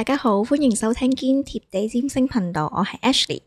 大家好，歡迎收聽堅貼地占星頻道，我係 Ashley。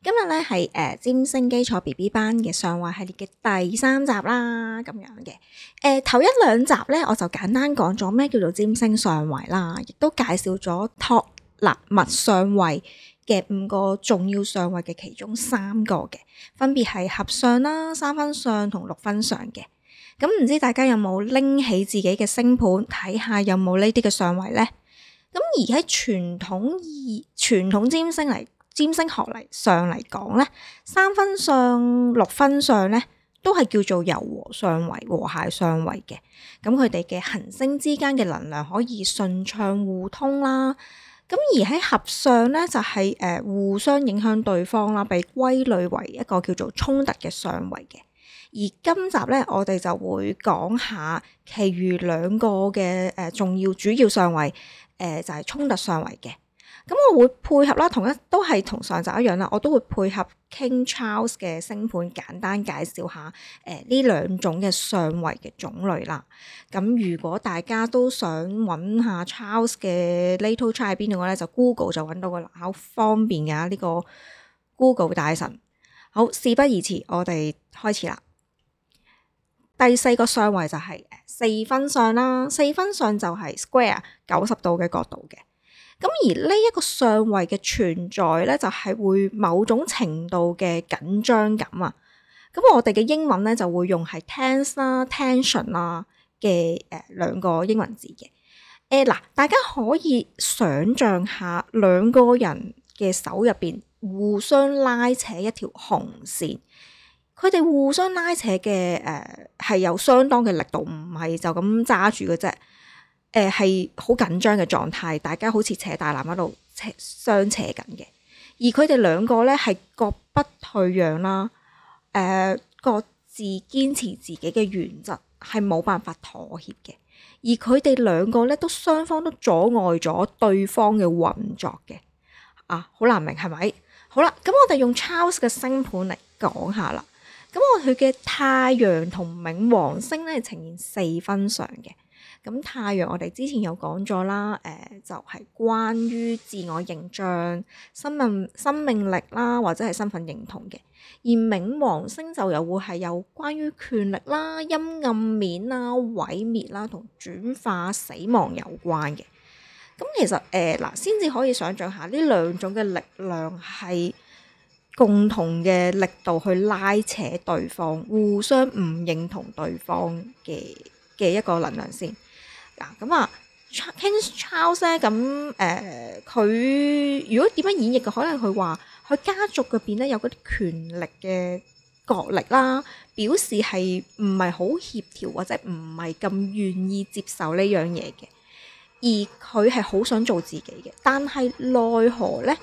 今日咧係誒占星基礎 BB 班嘅相位系列嘅第三集啦，咁樣嘅。誒、呃、頭一兩集咧，我就簡單講咗咩叫做占星相位啦，亦都介紹咗托勒密相位嘅五個重要相位嘅其中三個嘅，分別係合相啦、三分相同六分相嘅。咁、嗯、唔知大家有冇拎起自己嘅星盤睇下有冇呢啲嘅相位咧？咁而喺傳統以傳統占星嚟占星學嚟上嚟講咧，三分相、六分相咧，都係叫做柔和相位、和諧相位嘅。咁佢哋嘅行星之間嘅能量可以順暢互通啦。咁而喺合相咧，就係、是、誒互相影響對方啦，被歸類為一個叫做衝突嘅相位嘅。而今集咧，我哋就會講下其餘兩個嘅誒重要主要相位。誒、呃、就係、是、衝突相位嘅咁，我會配合啦，同一都係同上集一樣啦。我都會配合 King Charles 嘅星盤簡單介紹下誒呢兩種嘅相位嘅種類啦。咁如果大家都想揾下 Charles 嘅 natal chart 喺邊度嘅咧，就 Google 就揾到個啦，好方便嘅呢、這個 Google 大神。好事不宜遲，我哋開始啦。第四個相位就係四分相啦，四分相就係 square 九十度嘅角度嘅。咁而呢一個相位嘅存在咧，就係會某種程度嘅緊張感啊。咁我哋嘅英文咧就會用係 tense 啦、tension 啦嘅誒兩個英文字嘅。誒、呃、嗱，大家可以想像下兩個人嘅手入邊互相拉扯一條紅線。佢哋互相拉扯嘅誒係有相當嘅力度，唔係就咁揸住嘅啫。誒係好緊張嘅狀態，大家好似扯大纜喺度，扯相扯緊嘅。而佢哋兩個咧係各不退讓啦，誒、呃、各自堅持自己嘅原則，係冇辦法妥協嘅。而佢哋兩個咧都雙方都阻礙咗對方嘅運作嘅。啊，好難明係咪？好啦，咁我哋用 Charles 嘅星盤嚟講下啦。咁我佢嘅太陽同冥王星咧呈現四分相嘅，咁太陽我哋之前有講咗啦，誒、呃、就係、是、關於自我形象、生命生命力啦，或者係身份認同嘅；而冥王星就又會係有關於權力啦、陰暗面啦、毀滅啦同轉化死亡有關嘅。咁其實誒嗱，先、呃、至可以想像下呢兩種嘅力量係。共同嘅力度去拉扯對方，互相唔認同對方嘅嘅一個能量先。嗱咁啊、King Charles 咁誒，佢、呃、如果點樣演譯嘅，可能佢話佢家族入邊咧有啲權力嘅角力啦，表示係唔係好協調或者唔係咁願意接受呢樣嘢嘅，而佢係好想做自己嘅，但係奈何呢？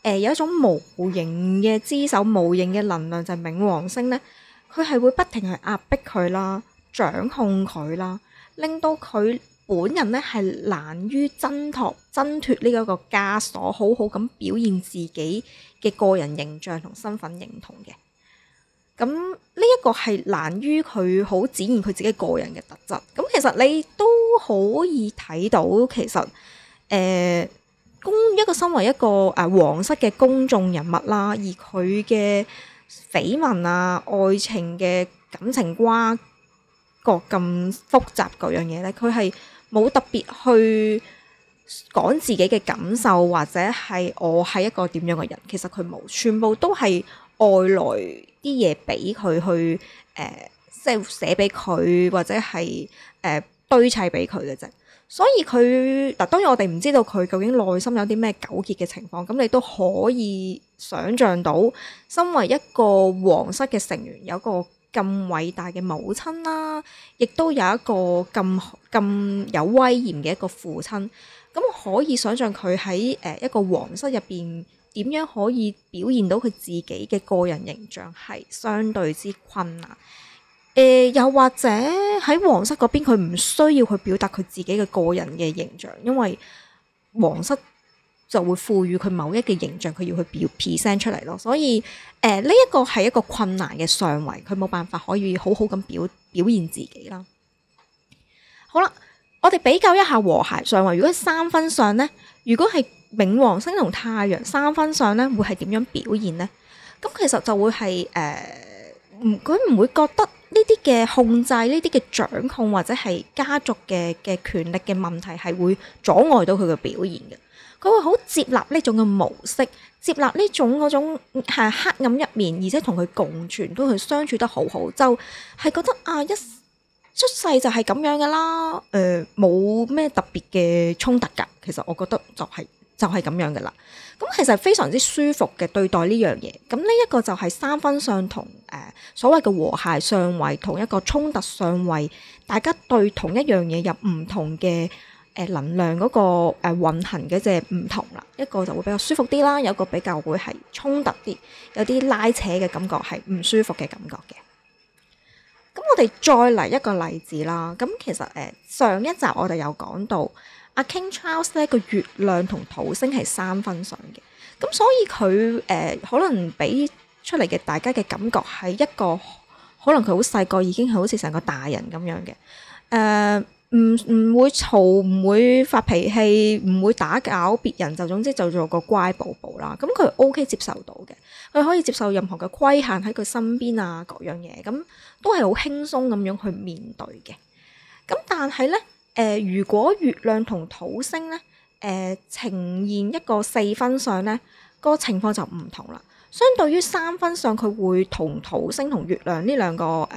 誒、呃、有一種無形嘅之手、無形嘅能量，就係、冥王星咧，佢係會不停去壓迫佢啦、掌控佢啦，令到佢本人咧係難於掙脱、掙脱呢一個枷鎖，好好咁表現自己嘅個人形象同身份認同嘅。咁呢一個係難於佢好展現佢自己個人嘅特質。咁其實你都可以睇到，其實誒、呃公一個身為一個誒皇室嘅公眾人物啦，而佢嘅緋聞啊、愛情嘅感情瓜葛咁複雜嗰樣嘢咧，佢係冇特別去講自己嘅感受，或者係我係一個點樣嘅人。其實佢冇，全部都係外來啲嘢俾佢去誒即係寫俾佢或者係誒、呃、堆砌俾佢嘅啫。所以佢嗱，當然我哋唔知道佢究竟內心有啲咩糾結嘅情況，咁你都可以想像到，身為一個皇室嘅成員，有個咁偉大嘅母親啦，亦都有一個咁咁有威嚴嘅一個父親，咁可以想像佢喺誒一個皇室入邊點樣可以表現到佢自己嘅個人形象係相對之困難。呃、又或者喺皇室嗰邊，佢唔需要去表達佢自己嘅個人嘅形象，因為皇室就會賦予佢某一嘅形象，佢要去表 present 出嚟咯。所以，誒呢一個係一個困難嘅相位，佢冇辦法可以好好咁表表現自己啦。好啦，我哋比較一下和諧相位。如果三分相呢，如果係冥王星同太陽三分相呢，會係點樣表現呢？咁其實就會係誒，佢、呃、唔會覺得。呢啲嘅控制，呢啲嘅掌控或者係家族嘅嘅權力嘅問題，係會阻礙到佢嘅表現嘅，佢會好接納呢種嘅模式，接納呢種嗰種係黑暗一面，而且同佢共存都佢相處得好好，就係、是、覺得啊一出世就係咁樣嘅啦，誒、呃，冇咩特別嘅衝突㗎，其實我覺得就係、是。就係咁樣嘅啦，咁其實非常之舒服嘅對待呢樣嘢，咁呢一個就係三分相同誒、呃、所謂嘅和諧相位同一個衝突相位，大家對同一樣嘢有唔同嘅誒、呃、能量嗰、那個誒運、呃、行嘅即唔同啦，一個就會比較舒服啲啦，有個比較會係衝突啲，有啲拉扯嘅感覺係唔舒服嘅感覺嘅。咁我哋再嚟一個例子啦，咁其實誒、呃、上一集我哋有講到。阿 King Charles 咧，個月亮同土星係三分相嘅，咁所以佢誒、呃、可能俾出嚟嘅大家嘅感覺係一個，可能佢好細個已經係好似成個大人咁樣嘅，誒唔唔會嘈，唔會發脾氣，唔會打攪別人，就總之就做個乖寶寶啦。咁佢 OK 接受到嘅，佢可以接受任何嘅規限喺佢身邊啊各樣嘢，咁都係好輕鬆咁樣去面對嘅。咁但係咧。誒、呃，如果月亮同土星咧，誒、呃、呈現一個四分相咧，個情況就唔同啦。相對於三分相，佢會同土星同月亮呢兩個誒嘅、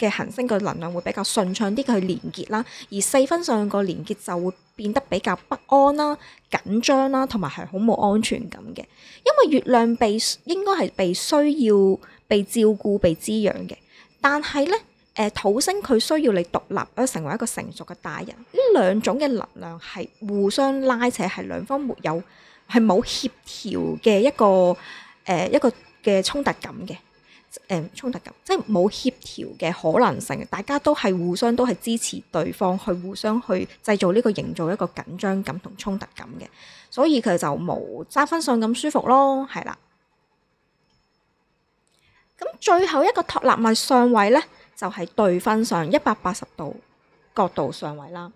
呃、行星嘅能量會比較順暢啲，去連結啦。而四分相個連結就會變得比較不安啦、緊張啦，同埋係好冇安全感嘅。因為月亮被應該係被需要、被照顧、被滋養嘅，但係咧。土星佢需要你獨立，咧成為一個成熟嘅大人。呢兩種嘅能量係互相拉扯，係兩方沒有係冇協調嘅一個誒、呃、一個嘅衝突感嘅誒衝突感，即係冇協調嘅可能性。大家都係互相都係支持對方，去互相去製造呢個營造一個緊張感同衝突感嘅，所以佢就冇揸分上咁舒服咯，係啦。咁最後一個托勒密相位呢？就係對分相一百八十度角度相位啦。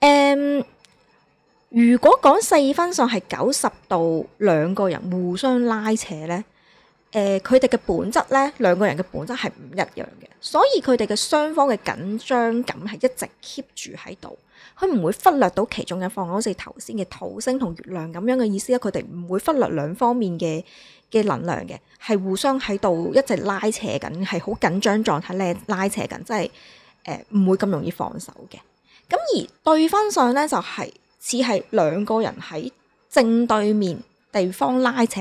誒、嗯，如果講四分相係九十度，兩個人互相拉扯咧，誒、呃，佢哋嘅本質咧，兩個人嘅本質係唔一樣嘅，所以佢哋嘅雙方嘅緊張感係一直 keep 住喺度。佢唔會忽略到其中一方，好似頭先嘅土星同月亮咁樣嘅意思啦。佢哋唔會忽略兩方面嘅嘅能量嘅，係互相喺度一直拉扯緊，係好緊張狀態咧拉扯緊，即係誒唔會咁容易放手嘅。咁而對分上咧，就係、是、似係兩個人喺正對面地方拉扯，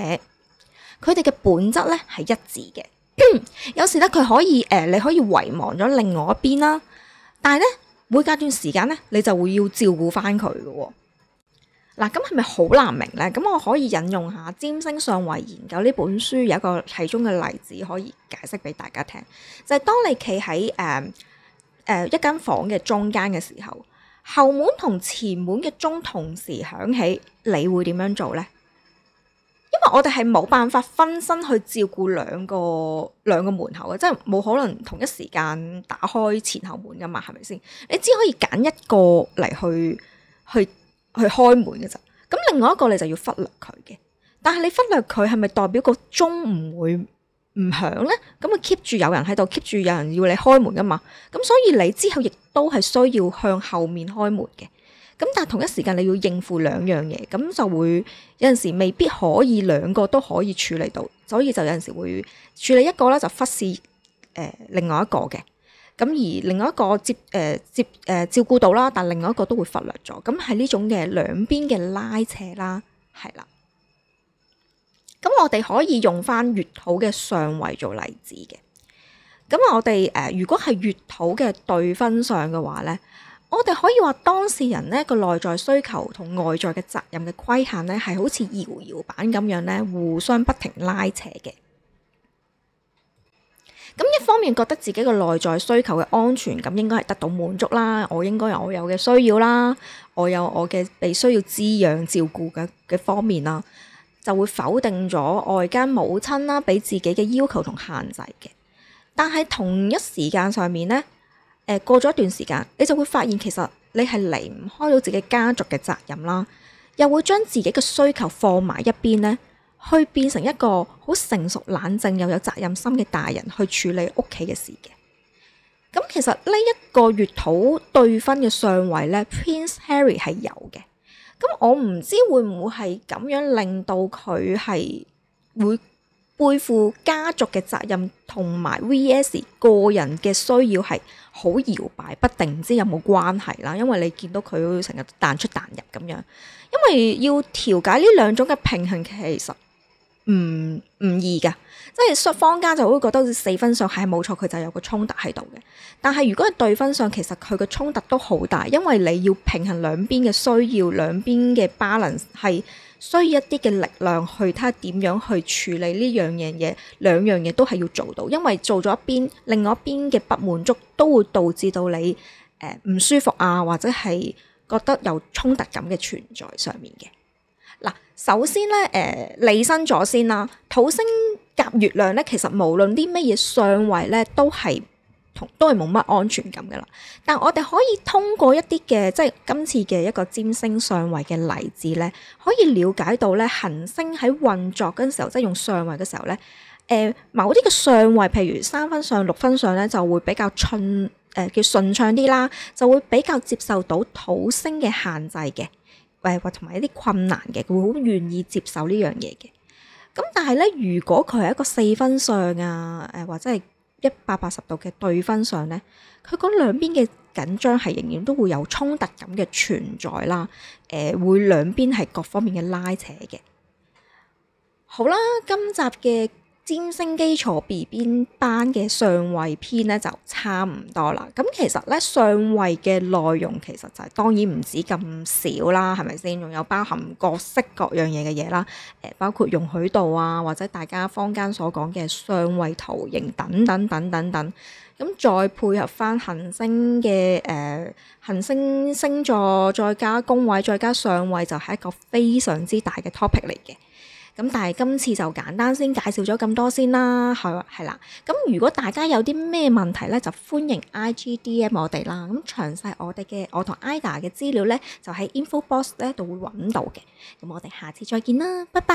佢哋嘅本質咧係一致嘅。 有時咧佢可以誒、呃，你可以遺忘咗另外一邊啦，但係咧。每隔段時間咧，你就會要照顧翻佢嘅喎。嗱、啊，咁係咪好難明呢？咁我可以引用下《占星相位研究》呢本書有一個其中嘅例子，可以解釋俾大家聽。就係、是、當你企喺誒一間房嘅中間嘅時候，後門同前門嘅鐘同時響起，你會點樣做呢？因為我哋係冇辦法分身去照顧兩個兩個門口嘅，即係冇可能同一時間打開前後門噶嘛，係咪先？你只可以揀一個嚟去去去開門嘅咋。咁另外一個你就要忽略佢嘅，但係你忽略佢係咪代表個鐘唔會唔響呢？咁啊 keep 住有人喺度，keep 住有人要你開門噶嘛？咁所以你之後亦都係需要向後面開門嘅。咁但係同一時間你要應付兩樣嘢，咁就會有陣時未必可以兩個都可以處理到，所以就有陣時會處理一個咧就忽視誒、呃、另外一個嘅，咁而另外一個接誒、呃、接誒、呃、照顧到啦，但另外一個都會忽略咗，咁係呢種嘅兩邊嘅拉扯啦，係啦。咁我哋可以用翻月土嘅相位做例子嘅，咁我哋誒、呃、如果係月土嘅對分相嘅話咧。我哋可以話，當事人呢個內在需求同外在嘅責任嘅規限呢，係好似搖搖板咁樣呢，互相不停拉扯嘅。咁一方面覺得自己嘅內在需求嘅安全感應該係得到滿足啦，我應該有我有嘅需要啦，我有我嘅被需要滋養照顧嘅嘅方面啦，就會否定咗外間母親啦俾自己嘅要求同限制嘅。但係同一時間上面呢。誒過咗一段時間，你就會發現其實你係離唔開到自己家族嘅責任啦，又會將自己嘅需求放埋一邊呢去變成一個好成熟、冷靜又有責任心嘅大人去處理屋企嘅事嘅。咁其實呢一個月土對分嘅相位呢 Prince Harry 係有嘅。咁我唔知會唔會係咁樣令到佢係會背負家族嘅責任同埋 VS 個人嘅需要係好搖擺不定，唔知有冇關係啦？因為你見到佢成日彈出彈入咁樣，因為要調解呢兩種嘅平衡，其實唔唔易嘅。即係雙方家就會覺得四分相係冇錯，佢就有個衝突喺度嘅。但係如果係對分相，其實佢個衝突都好大，因為你要平衡兩邊嘅需要，兩邊嘅 balance 係。需要一啲嘅力量去，睇下點樣去處理呢樣嘢，兩樣嘢都係要做到，因為做咗一邊，另外一邊嘅不滿足都會導致到你誒唔、呃、舒服啊，或者係覺得有衝突感嘅存在上面嘅。嗱，首先咧誒、呃，理身咗先啦。土星夾月亮咧，其實無論啲乜嘢相位咧，都係。都係冇乜安全感噶啦，但我哋可以通過一啲嘅，即係今次嘅一個占星相位嘅例子咧，可以了解到咧，行星喺運作嗰時候，即係用相位嘅時候咧，誒、呃，某啲嘅相位，譬如三分相、六分相咧，就會比較順誒、呃、叫順暢啲啦，就會比較接受到土星嘅限制嘅，誒或同埋一啲困難嘅，佢好願意接受呢樣嘢嘅。咁但係咧，如果佢係一個四分相啊，誒、呃、或者係。一百八十度嘅對分相咧，佢嗰兩邊嘅緊張係仍然都會有衝突感嘅存在啦。誒、呃，會兩邊係各方面嘅拉扯嘅。好啦，今集嘅占星基礎 BB 班嘅相位篇咧就差唔多啦。咁其實咧相位嘅內容其實就係、是、當然唔止咁少啦，係咪先？仲有包含各式各樣嘢嘅嘢啦。包括容許度啊，或者大家坊間所講嘅相位圖形等等等等等，等。咁再配合翻行星嘅誒行星星座，再加宮位，再加相位，就係一個非常之大嘅 topic 嚟嘅。咁但係今次就簡單先介紹咗咁多先啦，係係啦。咁如果大家有啲咩問題呢，就歡迎 IG DM 我哋啦。咁詳細我哋嘅我同 Ida 嘅資料呢，就喺 info box 呢度會揾到嘅。咁我哋下次再見啦，拜拜。